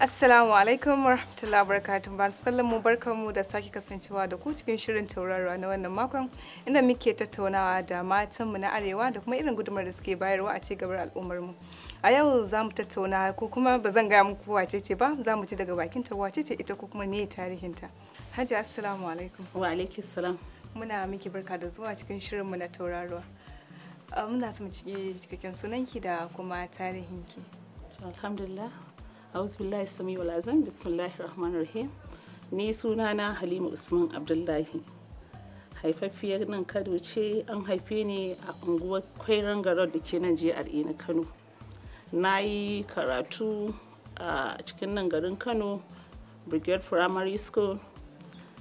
Assalamu alaikum warahmatullahi wabarakatuh. Ban kallon mu barkanmu da sake kasancewa da ku cikin shirin tauraro na wannan makon inda muke tattaunawa da matanmu na arewa da kuma irin gudumar da suke bayarwa a cigabar al'ummar mu. A yau za mu tattauna ko kuma ba zan gaya muku wace ce ba za mu ji daga bakin ta wace ce ita ko kuma me tarihinta. Hajji assalamu alaikum. Wa alaikum salam. Muna miki barka da zuwa cikin shirin mu na tauraro. Muna so mu cike cikakken sunanki da kuma tarihinki. Alhamdulillah. auzubillahi samiyu lazim bismillahir rahmanir rahim ni sunana halima usman abdullahi haifaffiyar nan kano ce an haife ni a unguwar kwairan garar da ke nan jihar na kano na yi karatu a cikin nan garin kano brigade primary school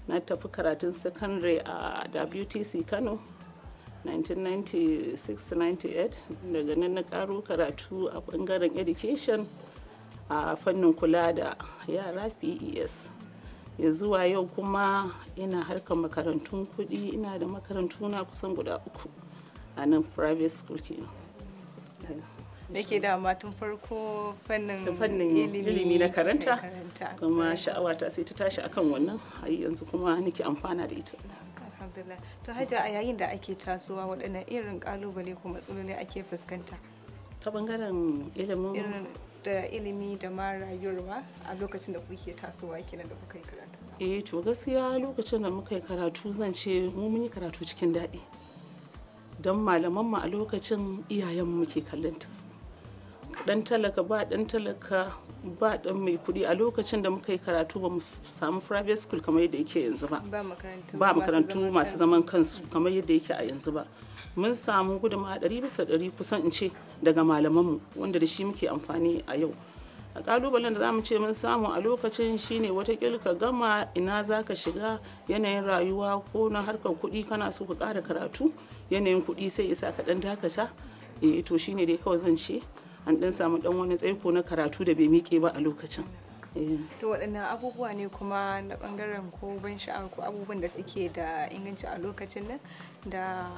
na tafi karatun secondary a wtc kano 1996-98 daga nan na karo karatu a bangaren education a fannin kula da yara pes ya zuwa yau kuma ina harkar makarantun kuɗi ina da makarantu na kusan guda uku a nan private school kenan da ke da matun farko fannin ilimi na karanta kuma sha'awa ta sai ta tashi akan wannan har yanzu kuma nake amfana da ita ta to hajja a yayin da ake tasowa waɗannan irin kalubale ko matsaloli ake fuskanta ta bangaren ilimin da ilimi da ma rayuwa a lokacin da kuke tasowa kenan da kuka yi karatu eh to gaskiya lokacin da muka yi karatu zan ce mu mun yi karatu cikin daɗi don malamanmu a lokacin iyayen muke kallon su dan talaka ba dan talaka ba dan mai kuɗi a lokacin da muka yi karatu ba mu samu private school kamar yadda yake yanzu ba ba makarantu masu zaman kansu kamar yadda yake a yanzu ba mun samu gudunmawa ɗari bisa ɗari kusan in ce daga malamanmu wanda da shi muke amfani a yau a kalubalen da zamu ce mun samu a lokacin shine wata ka gama ina za ka shiga yanayin rayuwa ko na harkar kuɗi kana so ka ƙara karatu yanayin kuɗi sai isa ka ɗan dakata e to shine dai kawai zan ce an ɗan samu ɗan wani tsaiko na karatu da bai miƙe ba a lokacin eh. to waɗannan abubuwa ne kuma na ɓangaren ko ban sha'awa ko abubuwan da suke da inganci a lokacin nan da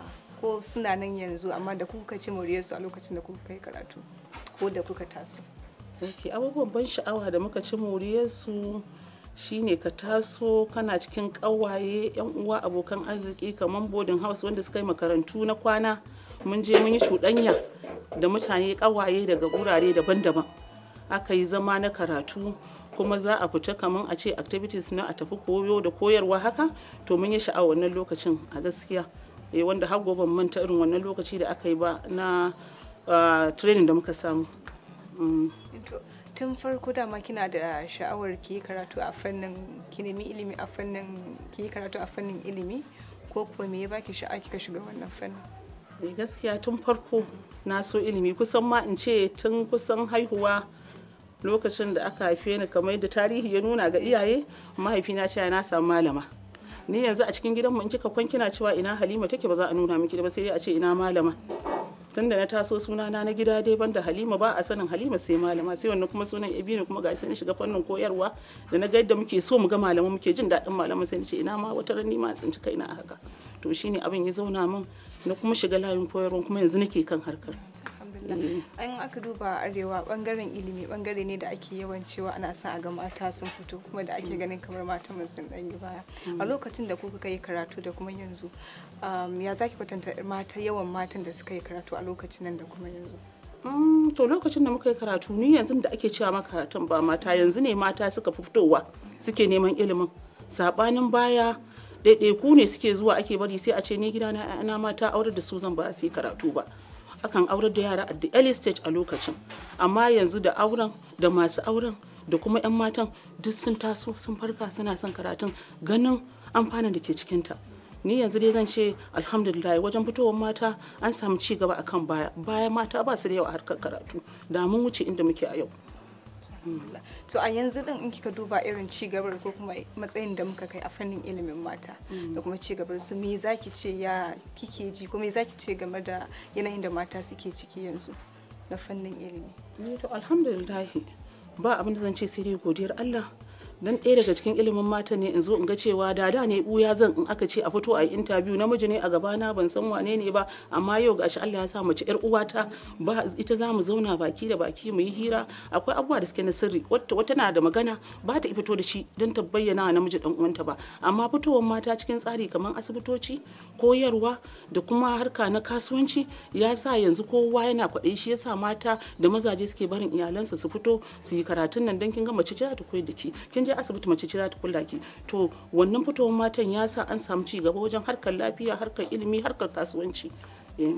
ko suna nan yanzu amma da kuka ci moriyar su a lokacin da kuka kai karatu ko da kuka taso ok abubuwan ban sha'awa da muka ci moriyar su shine ka taso kana cikin ƙawaye yan uwa abokan arziki kamar boarding house wanda suka yi makarantu na kwana mun je mun yi shuɗanya da mutane ƙawaye daga gurare daban-daban aka yi zama na karatu kuma za a fita kamar a ce activities na a tafi koyo da koyarwa haka to mun yi sha'awar wannan lokacin a gaskiya eh wanda har gobe manta irin wannan lokaci da aka yi ba na ah, training da muka samu mm. tun farko dama kina da sha'awar ki karatu a fannin ki nemi ilimi a fannin ki karatu a fannin ilimi ko kuma me ya baki sha'a kika shiga wannan fannin eh gaskiya tun farko na so ilimi kusan ma in ce tun kusan haihuwa lokacin da aka haife ni kamar da tarihi ya nuna ga iyaye mahaifina cewa na samu malama ni yanzu a cikin gidanmu in kika kwan kina cewa ina halima take ba za a nuna miki ba sai dai a ce ina malama tunda na taso suna na na gida dai banda halima ba a sanin halima sai malama sai wannan kuma sunan ibinu kuma ga sai na shiga fannin koyarwa da na ga yadda muke so mu ga malama muke jin dadin malama sai na ce ina ma wata rani ma tsinci kaina a haka to shine abin ya zauna min na kuma shiga layin koyarwa kuma yanzu nake kan harkar Allah mm. an aka duba arewa bangaren ilimi bangare ne da ake yawan cewa ana sa a ga mata sun fito kuma da ake mm. ganin kamar mata mun sun dan yi baya a mm. lokacin da kuka kai karatu da kuma yanzu um, ya zaki kwatanta mata yawan matan da suka yi karatu a lokacin nan da kuma yanzu to lokacin da muka yi karatu ni yanzu da ake cewa maka ba mata yanzu ne mata suka fitowa suke neman ilimin sabanin baya ɗaiɗaiku ne suke zuwa ake bari sai a ce ni gidana na mata aure da su zan ba su yi karatu ba akan aurar da yara a the early stage a lokacin amma yanzu da auren da masu auren da kuma 'yan matan duk sun taso sun farka suna son karatun ganin amfanin da ke cikinta ni yanzu dai zan ce alhamdulillah wajen fitowar mata an samu ci gaba akan baya baya mata ba su da yawa harkar karatu da mun wuce inda muke a yau to a yanzu din in kika duba irin cigabar ko kuma matsayin da muka kai a fannin ilimin mata mm. da kuma cigabar su me zaki ce ya kike ji ko me zaki ce game da yanayin da mata suke ciki yanzu na fannin ilimi ni eh to alhamdulillah ba abin da zan ce sai dai godiyar Allah dan ɗaya daga cikin ilimin mata ne in zo in ga cewa da da ne buya zan in aka ce a fito a interview namiji ne a gaba na ban san wane ne ba amma yau ga shi Allah ya sa mace yar uwata ba ita za mu zauna baki da baki mu yi hira akwai abubuwa da suke na sirri wata na da magana ba ta fito da shi don ta bayyana namiji dan uwanta ba amma fitowar mata cikin tsari kamar asibitoci koyarwa da kuma harka na kasuwanci ya sa yanzu kowa yana kwaɗayi shi yasa mata da mazaje suke barin iyalansa su fito su yi karatun nan dan kin ga mace ta koyi da ki kin je asibiti mace ce za ta kula ki to wannan fitowar matan ya sa an samu ci gaba wajen harkar lafiya harkar ilimi harkar kasuwanci eh.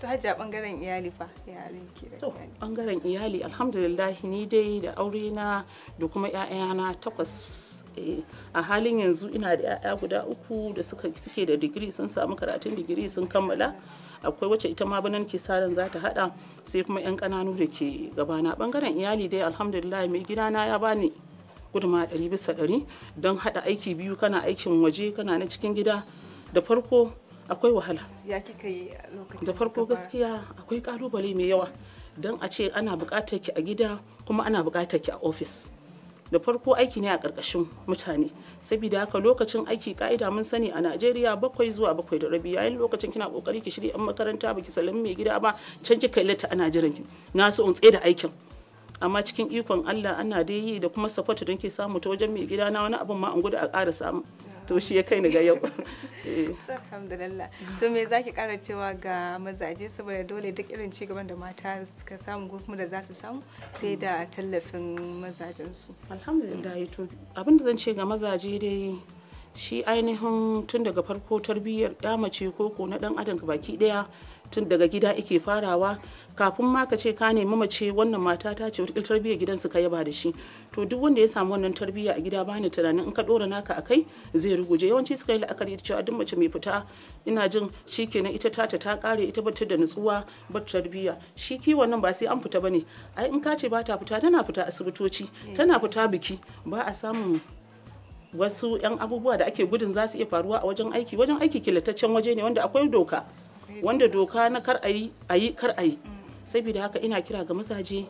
to hajja bangaren iyali fa yaren ki to bangaren iyali alhamdulillah ni dai da aure na da kuma ƴaƴana takwas eh, a halin yanzu ina da ƴaƴa guda uku da suka suke da digiri sun samu karatun digiri sun kammala akwai wacce ita ma banan ke saran za ta hada sai kuma yan kananu da ke gabana bangaren iyali dai alhamdulillah mai gidana ya bani gudunmawa ɗari bisa ɗari don haɗa aiki biyu kana aikin waje kana na cikin gida da farko akwai wahala ya kika yi lokacin da farko gaskiya akwai ƙalubale mai yawa don a ce ana buƙatar ki a gida kuma ana buƙatar ki a ofis da farko aiki ne a ƙarƙashin mutane saboda haka lokacin aiki ka'ida mun sani a najeriya bakwai zuwa bakwai da rabi yayin lokacin kina ƙoƙari ki shirya 'yan makaranta baki salami mai gida ba can kika yi ana jiran ki na so in tsaye da aikin amma cikin ikon Allah ana dai yi da kuma support don ke samu ta wajen mai gida na wani abin ma an gudu a ƙara samu to shi ya kai ni ga yau eh. alhamdulillah to me zaki ƙara cewa ga mazaje saboda dole duk irin ci gaban da mata suka samu ko kuma da za su samu sai da tallafin mazajen su alhamdulillah to abin da zan ce ga mazaje dai shi ainihin tun daga farko tarbiyyar ɗa mace ko ko na ɗan adam baki ɗaya tun daga gida ike farawa kafin ma ka ce ka nemi mace wannan mata ta ce wata tarbiyyar gidansu ka yaba da shi to duk wanda ya samu wannan tarbiyya a gida bani tunanin in ka dora naka akai zai ruguje yawanci suka yi la'akari da cewa duk mace mai fita ina jin shikenan ita tata ta kare ita bata da nutsuwa ba tarbiyya shi kiwon nan ba sai an fita bane ai in ka ce ba ta fita tana fita asibitoci tana fita biki ba a samun wasu 'yan abubuwa da ake gudun za su iya faruwa a wajen aiki wajen aiki killataccen waje ne wanda akwai doka wanda doka na kar a yi kar yi saboda haka ina kira ga mazaje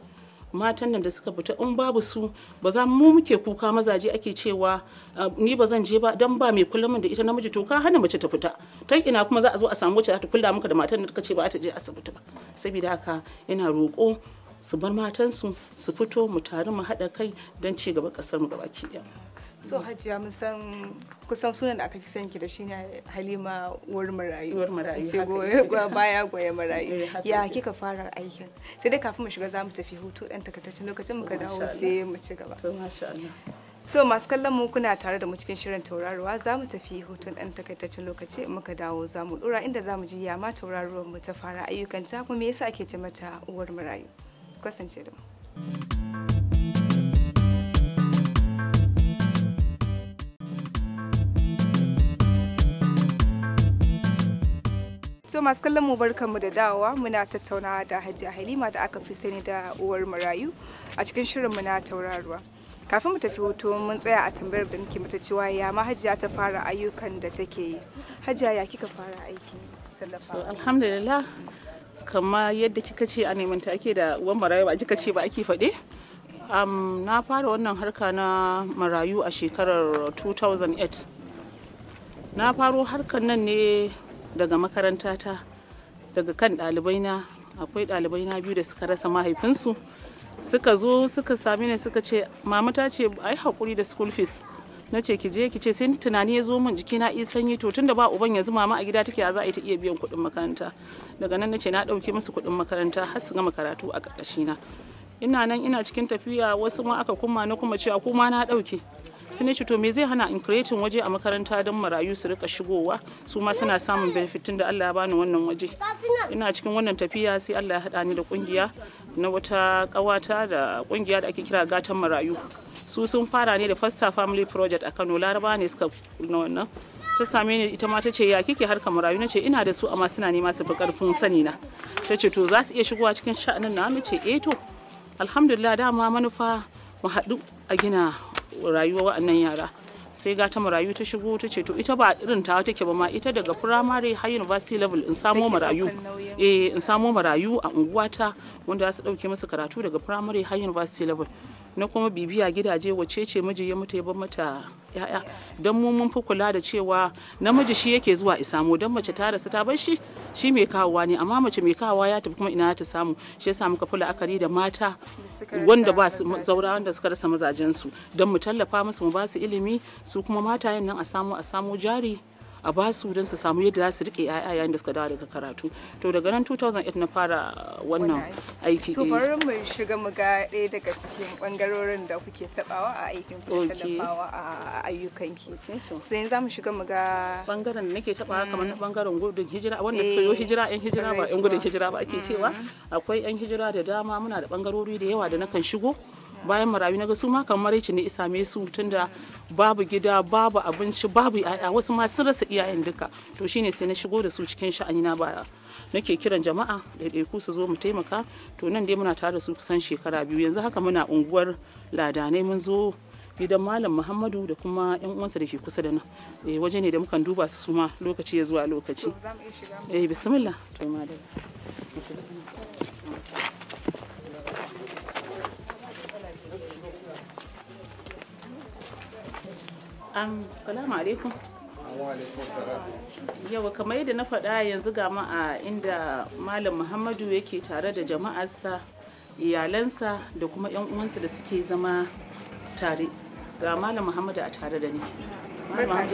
matan nan da suka fita in babu su ba za mu muke kuka mazaje ake cewa ah, ni ba zan je ba dan ba mai kullum da ita namiji to ka hana mace ta fita ta ina kuma za a zo a samu wacce ta kula muka da matan da ce ba ta je asibiti ba saboda haka ina roƙo su bar matan su su fito mu taru mu haɗa kai don ci gaba ƙasar mu gabaki ɗaya so hajiya mun san kusan sunan da aka fi sanki da shi ne halima uwar marayu marayu baya goye marayu eh, ya kika fara aikin sai dai kafin mu shiga za mu tafi hutu dan takaitaccen lokacin muka dawo sai mu ci gaba to so masu kallon mu kuna tare da mu cikin shirin tauraruwa za mu tafi hutu ɗan takaitaccen lokaci muka dawo za mu ɗora inda za mu ji ya ma tauraruwar mu ta fara ayyukan ta kuma me yasa ake ce mata uwar marayu kasance da mu. masu kallon mu kanmu da dawowa muna tattaunawa da Hajiya Halima da aka fi sani da uwar marayu a cikin shirin na tauraruwa. Kafin mu tafi hoto mun tsaya a tambayar da muke mata cewa ya ma Hajiya ta fara ayyukan da take yi. Hajiya ya kika fara aiki tallafawa? Alhamdulillah kama yadda kika ce a neman ake da uwar marayu ba kika ce ba ake faɗe. Um, na fara wannan harka na marayu a shekarar 2008 na faro harkar nan ne daga makaranta ta daga kan na akwai na biyu da suka rasa mahaifinsu suka zo suka sami ni suka ce mama ta ce ai haƙuri da school fees na ce ki je ki ce sai tunani ya zo min na iya sanyi to tunda ba uban yanzu mama a gida take a za a yi ta iya biyan kuɗin makaranta daga nan na ce na ɗauki musu kuɗin makaranta har su gama karatu a ƙarƙashina ina nan ina cikin tafiya wasu ma aka kuma na kuma cewa kuma na ɗauke sai na me zai hana in creating waje a makaranta don marayu su rika shigowa su ma suna samun benefitin da Allah ya bani wannan waje ina cikin wannan tafiya sai Allah ya haɗa ni da kungiya na wata ƙawata da kungiya da ake kira gatan marayu su sun fara ne da fasta family project a Kano Laraba ne suka na wannan ta same ni ita ma ta ce ya kike harka marayu na ce ina da su amma suna nema su fi karfin sani na ta ce to za su iya shigowa cikin sha'anin na ce eh to alhamdulillah dama manufa mu haɗu a gina rayuwa wa'annan yara sai gata marayu ta shigo ta ce to ita ba irin ta take ba ma ita daga primary high university level in samo marayu eh in samo marayu a unguwata wanda za su dauke musu karatu daga primary high university level na kuma bibiya gidaje wace ce miji ya mutu ya bar mata ya'ya don mu mun fi kula da cewa namiji shi yake zuwa isamo don mace ta rasa ta bar shi shi mai kawowa ne amma mace mai kawowa ya tafi kuma ina ta samu shi yasa muka fi la'akari da mata wanda ba su zaura wanda suka rasa mazajen su don mu tallafa musu mu ba su ilimi su kuma matayen nan a samu a samu jari a ba su don su samu yadda za su rike yaya yayin da suka dawo daga karatu to daga nan 2008 na fara wannan aiki so eh. bari mu shiga mu ga ɗaya daga cikin bangarorin da kuke tabawa a aikin ku tabawa a ayyukan ki so yanzu mu shiga mu ga bangaren da nake tabawa kamar na bangaren hmm. gudun hijira wanda suka yi eh, hijira yan hijira ba yan gudun hijira ba ake hmm. cewa akwai yan hijira da dama muna da bangarori da yawa da nakan shigo bayan marayu na ga su ma kamar ne isa me su tun da babu gida babu abinci babu yaya wasu ma sun rasa iyayen duka to shine sai na shigo da su cikin sha'ani na baya nake kiran jama'a ɗaiɗaiku su zo mu taimaka to nan dai muna tare da su kusan shekara biyu yanzu haka muna unguwar ladanai mun zo gidan malam muhammadu da kuma yan uwansa da ke kusa da nan eh, waje ne da mukan duba su suma lokaci ya zuwa lokaci eh bismillah to Assalamu alaikum. Yawa kamar yadda na faɗa yanzu ga a inda Malam Muhammadu yake tare da jama'arsa, iyalansa da kuma 'yan uwansa da suke zama tare. Ga Malam Muhammadu a tare da ni. Malam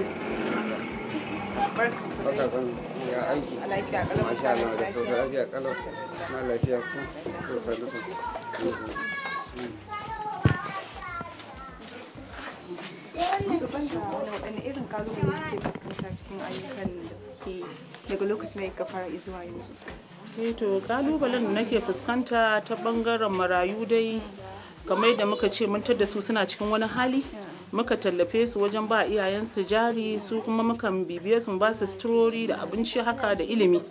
duk ban da fuskanta cikin daga lokacin da fara to kalubalen da nake fuskanta ta bangaren marayu dai kamar da muka ce mun da su suna cikin wani hali muka tallafe su wajen ba iyayensu jari su kuma mukan bibiye su ba su sturori da abinci haka da ilimi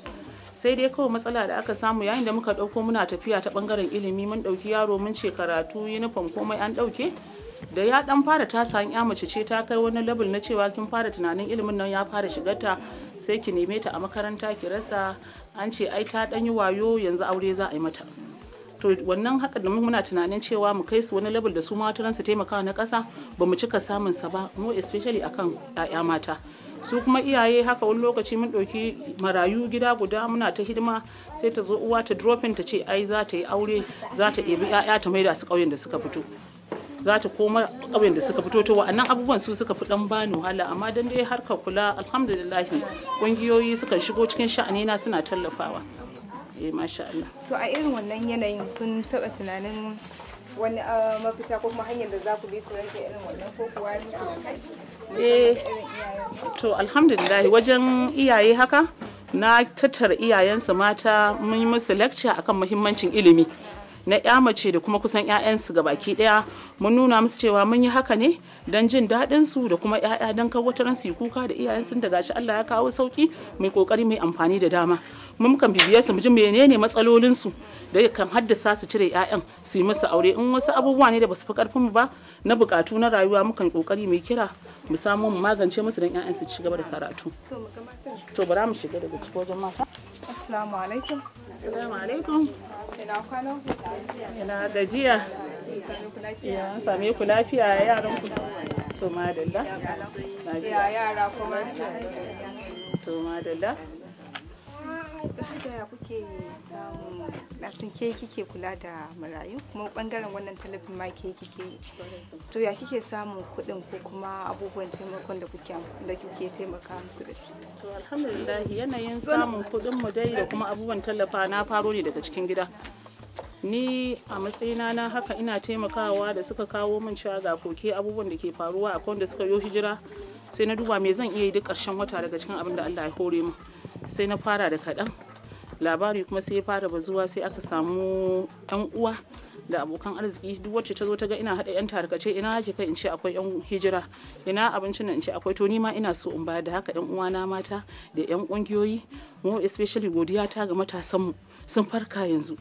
sai dai kawai matsala da aka samu yayin da muka ɗauko muna tafiya ta ɓangaren ilimi mun ɗauki yaro mun ce karatu uniform komai an ɗauke da ya dan fara tasa ya mace ce ta kai wani level na cewa kin fara tunanin ilimin nan ya fara shiga ta sai ki neme ta a makaranta ki rasa an ce ai ta dan yi wayo yanzu aure za a yi mata to wannan haka da muna tunanin cewa mu kai su wani level da su mataran su taimakawa na ƙasa ba mu cika samun sa ba mu especially akan 'ya'ya mata su kuma iyaye haka wani lokaci mun ɗauki marayu gida guda muna ta hidima sai ta zo uwa ta dropping ta ce ai za ta yi aure za ta ɗebi 'ya'ya ta maida su ƙauyen da suka fito za ta koma ƙauyen da suka fito to wa'annan abubuwan su suka fi dan bani wahala amma dan dai harka kula alhamdulillah kungiyoyi sukan shigo cikin sha'ani na suna tallafawa eh masha Allah so a irin wannan yanayin kun taba tunanin wani ah, mafita ko kuma hanyar da za ku bi ku rage irin wannan ko kuwa eh to alhamdulillah wajen iyaye haka na tattara iyayensu mata mun yi musu lecture akan muhimmancin ilimi na ya mace da kuma kusan 'ya'yansu ga baki daya mun nuna musu cewa mun yi haka ne don jin daɗin su da kuma 'ya'ya don kawo wata su kuka da iyayen sun da gashi Allah ya kawo sauki mai kokari mai amfani da dama mun kan bibiye su mu ji menene matsalolin su da kan haddasa su cire 'ya'yan su yi musu aure in wasu abubuwa ne da basu fi karfin mu ba na bukatu na rayuwa kan kokari mai kira mu samu mu magance musu don 'ya'yan su ci gaba da karatu to bara mu shiga daga cikin wajen mata assalamu alaikum assalamu alaikum Ina kwana? Ina gajiya. Ya same ku lafiya yaran ku. To madalla. Ya yara kuma. To madalla. Hajjaya kuke ke kike kula da marayu kuma bangaren wannan talabin ma ke kike to ya kike samun kudin ko kuma abubuwan taimakon da kuke taimaka musu da shi. To alhamdulillah yanayin samun kuɗin mu dai da kuma abubuwan tallafa na faro ne daga cikin gida. Ni a matsayina na haka ina taimakawa da suka kawo min cewa ga koke abubuwan da ke faruwa akwai wanda suka yo hijira sai na duba me zan iya yi duk ƙarshen wata daga cikin abin da Allah ya hore mu. sai na fara da kaɗan labari kuma sai ya fara bazuwa sai aka samu yan uwa da abokan arziki duk wacce ta zo ta ga ina haɗa yan tarkace ina kai in ce akwai yan hijira ina abincin nan in ce akwai to ni ma ina so in ba da haka yan na mata da yan kungiyoyi mu especially godiya ta ga matasan mu sun farka yanzu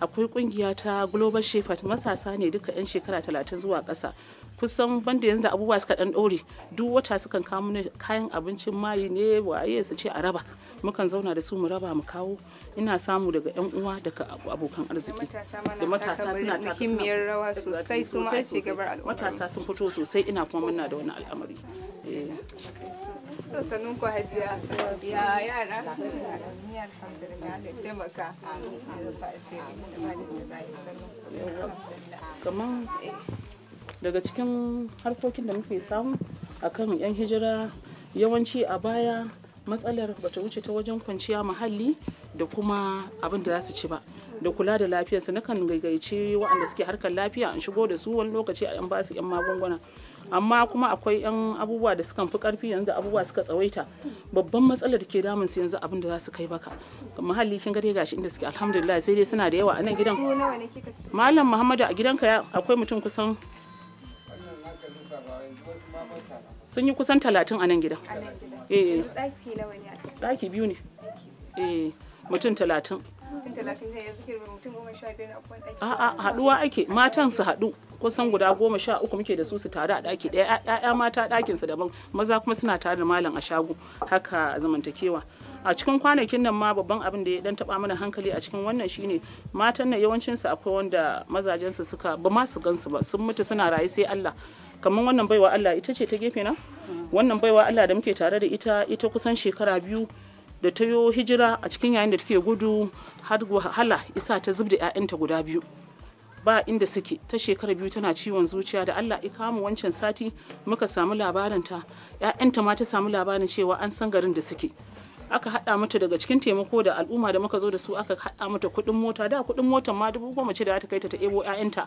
akwai kungiya ta global shepherd matasa ne duka yan shekara 30 zuwa ƙasa kusan banda yanzu da abubuwa suka dan dore duk wata sukan kawo mana kayan abincin mayi ne waye su ce a raba mukan zauna da su mu raba mu kawo ina samu daga yan uwa daga abokan arziki da matasa suna taka muhimmiyar rawa sosai kuma a ce gabar al'umma matasa sun fito sosai ina kuma muna da wani al'amari eh. sannan ku hajiya ya yara taimaka kamar eh. daga cikin harkokin da muke samu akan 'yan hijira yawanci a baya matsalar bata wuce ta wajen kwanciya muhalli da kuma abin da za su ci ba da kula da lafiyarsu kan gaigaici waɗanda suke harkar lafiya in shigo da su wani lokaci a 'yan basu 'yan magunguna amma kuma akwai yan abubuwa da sukan fi karfi yanzu da abubuwa suka tsawaita babban matsalar da ke damun su yanzu abin da za su kai baka muhalli kin gare gashi inda suke alhamdulillah sai dai suna da yawa a nan gidan malam muhammadu a gidanka akwai mutum kusan sun yi kusan talatin a nan gidan eh biyu ne eh, mutum talatin a haɗuwa ake matan su haɗu kusan guda goma sha uku muke da su su tare a ɗaki ɗaya ɗaya mata dakin su daban maza kuma suna tare da malam a shago haka zamantakewa a cikin kwanakin nan ma babban abin da ya dan taba mana hankali a cikin wannan shine matan nan yawancin su akwai wanda mazajen su suka ba ma su gansu ba sun mutu suna rayu sai Allah kamar wannan baiwa Allah ita ce ta gefe na wannan baiwa Allah da muke tare da ita ita kusan shekara biyu da ta yo hijira a cikin yayin da take gudu har wahala isa ta zubda ƴaƴanta 'ya'yanta guda biyu ba inda suke ta shekara biyu tana ciwon zuciya da Allah ika mu wancan sati muka samu labarin ta ƴaƴanta ma ta samu labarin cewa an san garin da suke aka haɗa mata daga cikin taimako da al'umma da muka zo da su aka haɗa mata kuɗin mota da kuɗin motar ma dubu goma ce da ta kai ta ta ebo ƴaƴanta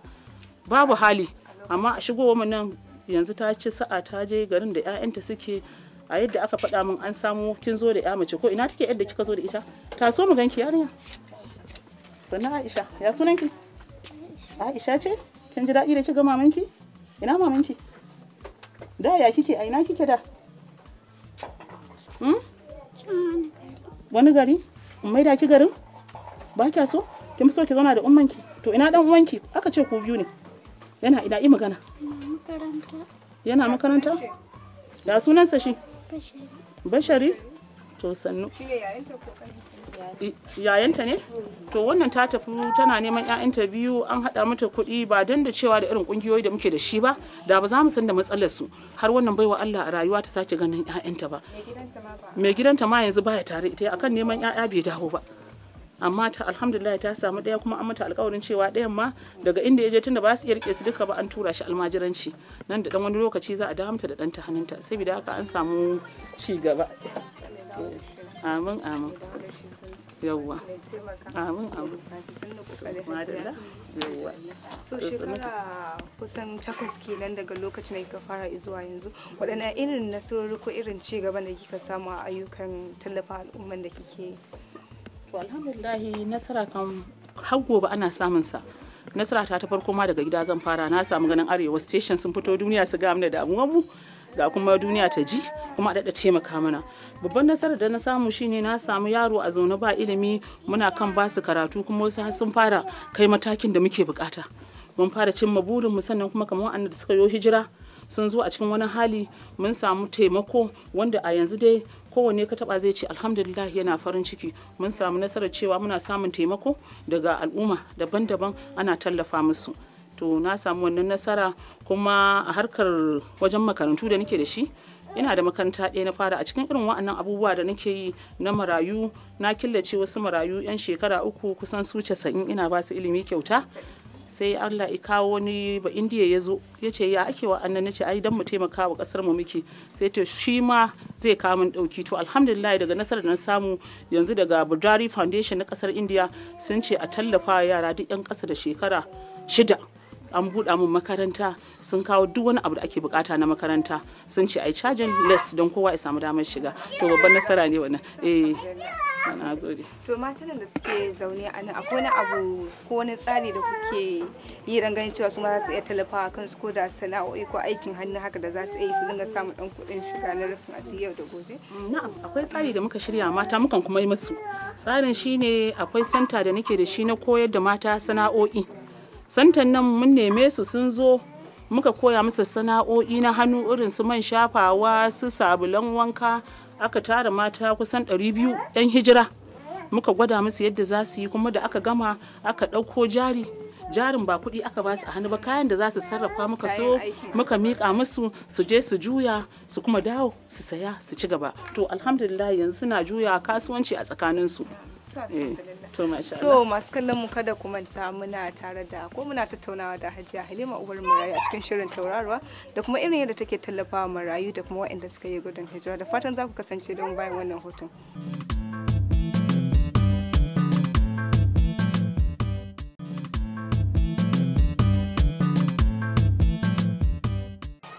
babu hali amma a shigowa mu nan yanzu ta ci sa'a ta je garin da 'ya'yanta suke a yadda aka faɗa min an samu kin zo da ya mace ko ina take yadda kika zo da ita ta so mu ganki yarinya sannan Aisha ya sunanki Aisha ce kin ji daɗi da kiga mamanki ina mamanki da ya kike a ina kike da hmm? wani gari in da ki garin ba kya so kin so ki zauna da ummanki to ina dan uwanki aka ce ku biyu ne yana ida yi magana yana makaranta da sunansa shi bashari to sannu yayanta ne to wannan ta tafi tana neman 'ya'yanta biyu an haɗa mata kuɗi ba don da cewa da irin ƙungiyoyi da muke da shi ba da ba za mu san da matsalar su har wannan baiwa Allah a rayuwa ta sake ganin 'ya'yanta ba mai gidanta ma yanzu baya tare ita akan neman 'ya'ya bai dawo ba amma ta alhamdulillah ta samu daya kuma an mata alƙawarin cewa dayan ma daga inda ya je tunda ba su iya rike su duka ba an tura shi almajiranci nan da ɗan wani lokaci za a damta da ta hannunta saboda haka an samu ci gaba eh, amin amin yawwa amin amin so kusan takwas kenan daga lokacin da kika fara zuwa yanzu waɗanne irin nasarori ko irin ci gaba da kika samu a ayyukan tallafa al'umman da kike to nasara kan har gobe ana samun sa nasara ta ta farko ma daga gida zan fara na samu ganin arewa station sun fito duniya su ga mana da mu ga kuma duniya ta ji kuma daɗa taimaka mana babban nasarar da na samu shine na samu yaro a zaune ba ilimi muna kan basu karatu kuma wasu sun fara kai matakin da muke bukata mun fara cimma burinmu sannan kuma kamar wanda da suka yo hijira sun zo a cikin wani hali mun samu taimako wanda a yanzu dai kowanne ka taba zai ce alhamdulillah yana farin ciki mun samu nasarar cewa muna samun taimako daga al'umma daban-daban ana tallafa musu to na samu wannan nasara kuma a harkar wajen makarantu da nake da shi ina da makaranta ɗaya na fara a cikin irin wa'annan abubuwa da nake yi na marayu na killace wasu marayu 'yan shekara uku kusan su casa'in ina ba su ilimi kyauta sai Allah ya kawo wani ba indiya ya zo ya ce ya ake wa annan ce ai dan mu taimaka wa kasar mu muke sai to shi ma zai kawo min dauki to alhamdulillah daga nasarar da na samu yanzu daga Budari Foundation na kasar indiya sun ce a tallafa yara duk yan kasa da shekara shida an buɗa mun makaranta sun kawo duk wani abu da ake bukata na makaranta sun ce ai cajin less don kowa ya samu damar shiga to babban nasara ne wannan eh na gode to matan da suke zaune a nan akwai wani abu ko wani tsari da kuke yi don ganin cewa su ma za su iya talafawa kansu ko da sana'o'i ko aikin hannu haka da za su iya su dinga samun dan kuɗin shiga na rufin asiri yau da gobe mm, na'am akwai tsari da muka shirya mata mukan kuma yi musu tsarin shine akwai santa da nake da shi na koyar da mata sana'o'i santan nan mun neme su sun zo muka koya musu sana'o'i na hannu irin su man shafawa su sabulan wanka aka tara mata kusan 200 'yan hijira muka gwada musu yadda za su yi kuma da aka gama aka ɗauko jari jarin ba kuɗi aka ba su a hannu ba kayan da za su sarrafa muka so muka miƙa musu su je su juya su kuma dawo su saya su ci gaba to alhamdulillah yanzu suna juya kasuwanci a tsakaninsu. to eh, masu kallon mu kada ku manta muna tare da ko muna tattaunawa da hajiya halima uwar marayu a cikin shirin taurarwa da kuma irin yadda take tallafawa marayu da kuma waɗanda suka yi gudun hijira da fatan za ku kasance don bayan wannan hoton.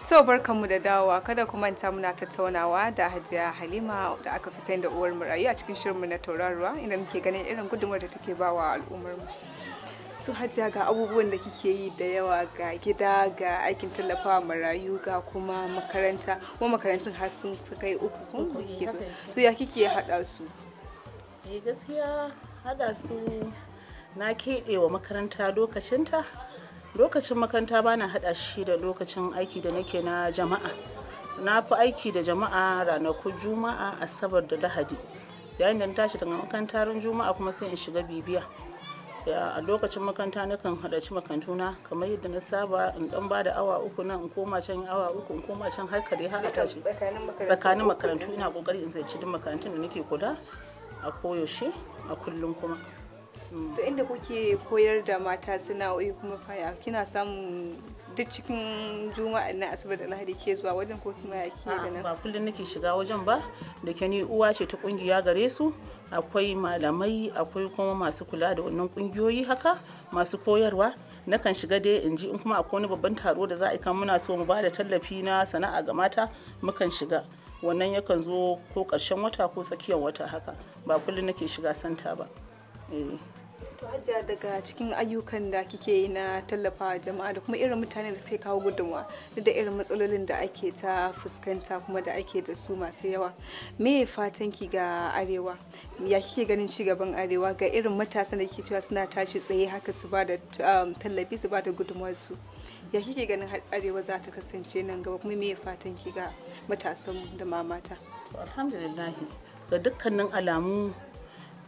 To barkanmu da dawowa kada ku manta muna tattaunawa da Hajiya Halima da aka fi sayar da uwar mu a cikin shirinmu na tauraruwa inda muke ganin irin gudunmuwar da take bawa al'ummar mu. To Hajiya ga abubuwan da kike yi da yawa ga gida ga aikin tallafawa marayu ga kuma makaranta kuma makarantun har sun kai uku kun kike to ya kike hada su? Eh gaskiya hada su na kede wa makaranta lokacinta lokacin makanta bana haɗa shi da lokacin aiki da nake na jama'a na fi aiki da jama'a ranakun juma'a asabar da lahadi yayin da na tashi daga makantarin ran juma'a kuma sai in shiga bibiya a lokacin makanta na kan haɗaci makantuna kamar yadda na saba in dan ba da awa uku nan in koma can awa uku in koma can har kare har tashi tsakanin makarantu ina kokari in zai duk makarantun da nake kula a koyaushe a kullum kuma to inda kuke koyar da mata sana'o'i kuma faya kina samun duk cikin juma'a na asibiti da lahadi ke zuwa wajen ko kuma ya ke da nan ba kullum nake shiga wajen ba da ke ni uwa ce ta kungiya gare su akwai malamai akwai kuma masu kula da wannan kungiyoyi haka masu koyarwa nakan shiga dai in ji in kuma akwai wani babban taro da za a yi kan muna so mu ba da tallafi na sana'a ga mata mukan shiga wannan yakan zo ko ƙarshen wata ko tsakiyar wata haka ba kullum nake shiga santa ba eh. To Hajiya daga cikin ayyukan da kike yi na tallafa jama'a da kuma irin mutane da suke kawo gudunmawa da irin matsalolin da ake ta fuskanta kuma da ake da su masu yawa. Me fatan ki ga arewa? Ya kike ganin ci gaban arewa ga irin matasan da kike cewa suna tashi tsaye haka su ba da um, tallafi su ba da gudunmawar su? Ya kike ganin arewa za ta kasance nan gaba kuma me fatan ki ga matasan da mamata? Alhamdulillah ga dukkanin alamu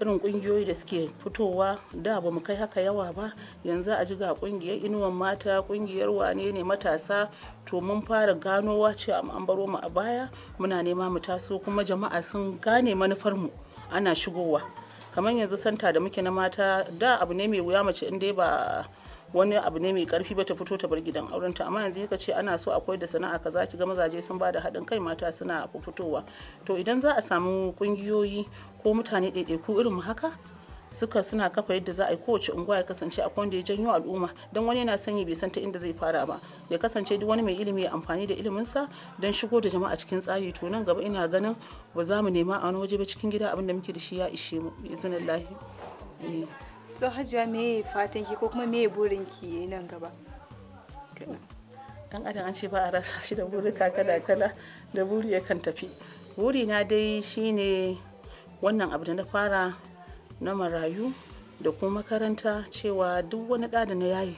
irin kungiyoyi da suke fitowa da ba mu kai haka yawa ba yanzu a ji kungiyar inuwan mata kungiyar wane ne matasa to mun fara ganowa ce an baro mu a baya muna nema mu taso kuma jama'a sun gane manufar mu ana shigowa kamar yanzu santa da muke na mata da abu ne mai wuya mace in dai ba wani abu ne mai karfi ba ta fito ta bar gidan auren ta amma yanzu ka ce ana so akwai da sana'a ka za ki ga mazaje sun ba da haɗin kai mata suna fitowa to idan za a samu kungiyoyi ko mutane ɗaiɗaiku irin mu haka suka suna kafa yadda za a yi kowace unguwa ya kasance akwai wanda ya janyo al'umma don wani yana sanyi bai san ta inda zai fara ba ya kasance duk wani mai ilimi ya amfani da iliminsa don shigo da jama'a cikin tsari to nan gaba ina ganin ba za mu nema a wani waje ba cikin gida abin da muke da shi ya ishe mu izinin lahi eh. so hajiya me fatan ki ko kuma me burin ki nan gaba dan adam an ce ba a rasa shi da buri kala kala da buri yakan tafi buri na dai shine wannan abu da na fara na marayu da kuma makaranta cewa duk wani da na yayi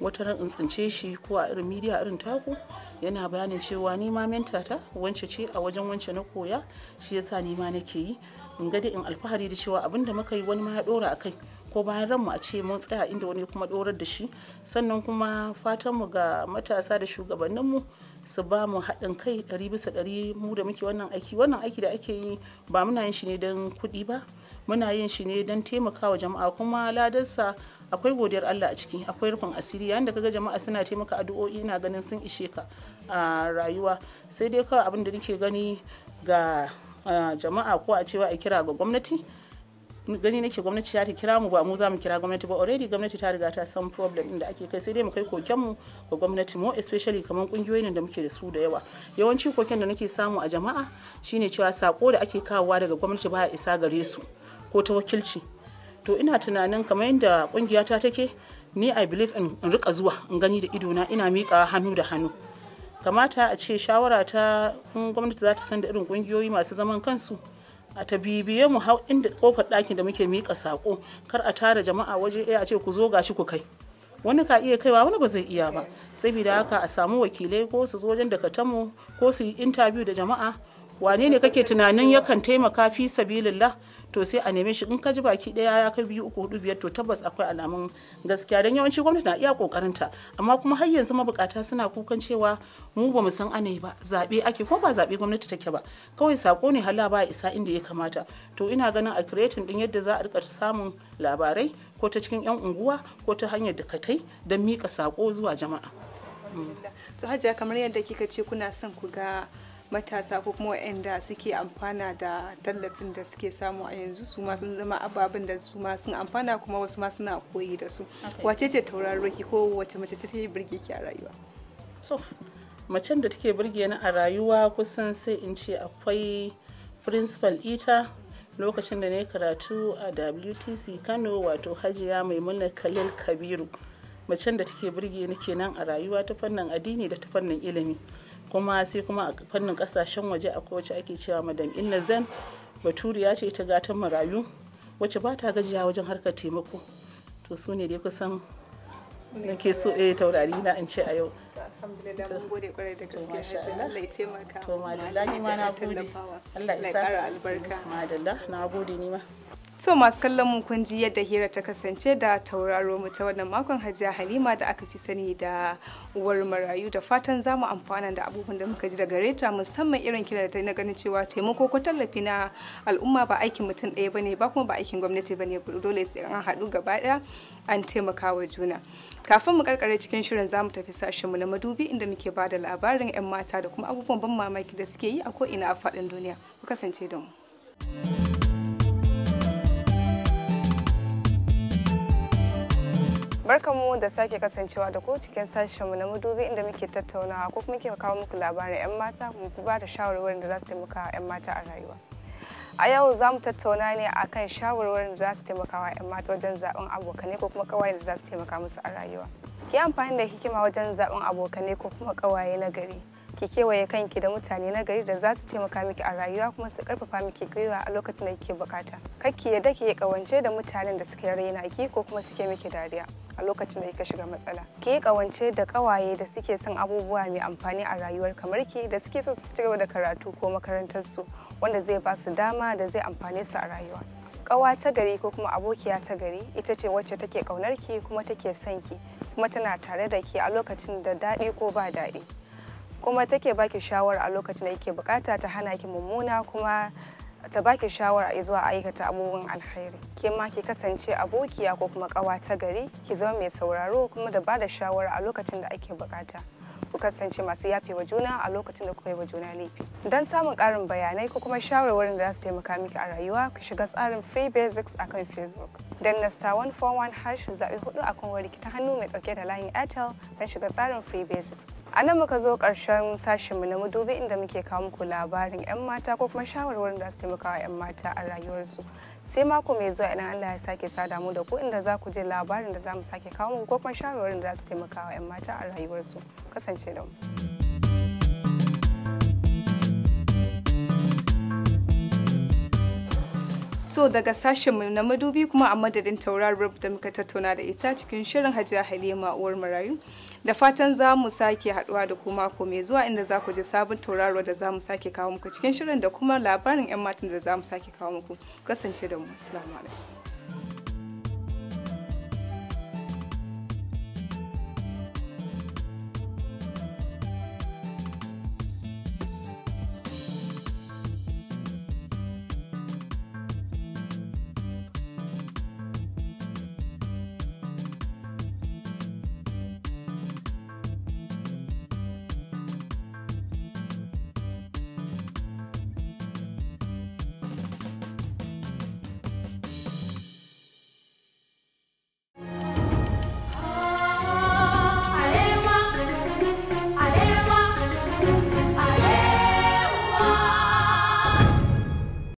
wata ran in tsince shi ko a irin midiya irin taku yana bayanin cewa ni ma mentata wance ce a wajen wance na koya shi yasa ni ma nake yi in ga in alfahari da cewa abinda muka yi wani ma ya dora a kai ko bayan ranmu a ce mun tsaya inda wani kuma dorar da shi sannan kuma fatanmu ga matasa da shugabanninmu su ba mu haɗin kai ɗari bisa ɗari mu da muke wannan aiki wannan aiki da ake yi ba muna yin shi ne don kuɗi ba muna yin shi ne don taimakawa jama'a kuma ladarsa akwai godiyar Allah a ciki akwai rufin asiri yayin da kaga jama'a suna taimaka addu'o'i ina ganin sun ishe ka a rayuwa sai dai kawai abin da nake gani ga ah, jama'a ko a cewa a kira ga gwamnati gani nake gwamnati ta kira mu ba mu za mu kira gwamnati ba already gwamnati ta riga ta san problem da ake kai sai dai mu kai koken mu ga gwamnati mo especially kamar kungiyoyin da muke da su da yawa yawanci koken da nake samu a jama'a shine cewa sako da ake kawowa daga gwamnati ba isa gare su ko ta wakilci to ina tunanin kamar yadda kungiya ta take ni i believe in rika zuwa in gani da ido na ina miƙa hannu da hannu kamata a ce shawara ta gwamnati za ta san irin kungiyoyi masu zaman kansu a ta bibiye mu hau inda kofar ɗakin da muke miƙa saƙo kar a tara jama'a waje ɗaya a ce ku zo gashi ku kai wani ka iya kaiwa wani ba zai iya ba saboda haka a samu wakilai ko su zo wajen dakatamu ko su yi intabiyu da jama'a wane ne kake tunanin yakan taimaka fi sabilillah to sai a neme shi in ka ji baki daya ya kai biyu uku hudu biyar to tabbas akwai alamun gaskiya don yawanci gwamnati na iya ta amma kuma har yanzu mabukata suna kukan cewa mu bamu san ana ba zabe ake ko ba zabe gwamnati take ba kawai sako ne hala ba isa inda ya kamata to ina ganin a creating din yadda za a rika samun labarai ko ta cikin yan unguwa ko ta hanyar da dakatai don mika sako zuwa jama'a. to hajiya kamar yadda kika ce kuna son ku ga matasa ko kuma waɗanda suke amfana da tallafin da suke samu a yanzu su ma zama ababen da su ma amfana kuma wasu ma suna koyi da su wace ce tauraro ko wace mace ce take birge ki a rayuwa so macen da take birge ni a rayuwa kusan sai in ce akwai principal ita lokacin da na karatu a wtc kano wato hajiya maimuna khalil kabiru macen da take birge ni kenan a rayuwa ta fannin addini da ta fannin ilimi kuma sai kuma a fannin kasashen waje a kowace ake cewa madam inna zan baturiya ce ta gatan marayu wacce ba ta gajiya wajen harkar taimako to su ne dai kusan na ke so eh taurari na in ce a yau alhamdulillah mun gode kwarai da gaske a Allah ya taimaka to madalla ni ma na gode Allah ya sa albarka madalla na gode ni ma To masu kallon mu kun ji yadda hira ta kasance da tauraro mu ta wannan makon Hajiya Halima da aka fi sani da uwar marayu da fatan za mu amfana da abubuwan da muka ji daga reta musamman irin kira da ta na ganin cewa taimako ko tallafi na al'umma ba aikin mutum ɗaya ne ba kuma ba aikin gwamnati ba ba dole sai an haɗu gaba ɗaya an taimaka wa juna. Kafin mu karkare cikin shirin za mu tafi sashen mu na madubi inda muke ba da labarin 'yan mata da kuma abubuwan ban mamaki da suke yi a ko ina a faɗin duniya. Ku kasance da mu. Barkanmu da sake kasancewa da ku cikin sashenmu na madubi inda muke tattaunawa ko kuma muke kawo muku labarin 'yan mata mu ba da shawarwarin da za su taimaka 'yan mata a rayuwa. A yau za mu tattauna ne akan shawarwarin da za su taimaka wa 'yan mata wajen zaɓen abokanai ko kuma kawaye da za su taimaka musu a rayuwa. Ki amfani da hikima wajen zaɓen abokanai ko kuma ƙawaye na gari. ki kewaye kanki da mutane na gari da za su taimaka miki a rayuwa kuma su karfafa miki gwiwa a lokacin da kike bukata kakki yadda ki kawance da mutanen da suka raina ki ko kuma suke miki dariya a lokacin da kika shiga matsala ki yi kawance da kawaye da suke son abubuwa mai amfani a rayuwar kamar ki da suke son su cigaba da karatu ko makarantar su wanda zai ba su dama da zai amfane su a rayuwa kawa ta gari ko kuma abokiya ta gari ita ce wacce take kaunar ki kuma take son ki kuma tana tare da ki a lokacin da daɗi ko ba daɗi kuma take baki shawara a lokacin da yake bukata ta hana ki mummuna kuma ta baki shawara a zuwa aikata abubuwan alkhairi ke ma ki kasance abokiya ko kuma kawa ta gari ki zama mai sauraro kuma da bada shawara a lokacin da ake bukata ku kasance masu yafe wa juna a lokacin da kuka yi wa juna laifi don samun karin bayanai ko kuma shawarwarin da za su taimaka miki a rayuwa ku shiga tsarin free basics akan facebook Dan star 141 hash zaɓi hudu a kan wari ta hannu mai ɗauke da layin airtel don shiga tsarin free basics a nan muka zo ƙarshen mu na madubi inda muke kawo muku labarin 'yan mata ko kuma shawarwarin da su taimaka wa 'yan mata a rayuwarsu sai mako mai zuwa idan Allah ya sake sada mu da ku inda za ku je labarin da za mu sake kawo muku ko kuma shawarwarin da za su taimaka wa 'yan mata a rayuwarsu kasance da mu so daga sashen mu na madubi kuma a madadin tauraron da muka tattauna da ita cikin shirin hajiya halima uwar marayu da fatan za mu sake haduwa da kumako mako mai zuwa inda za ku ji sabon tauraro da za mu sake kawo muku cikin shirin da kuma labarin 'yan matan da za mu sake kawo muku kasance da mu assalamu alaikum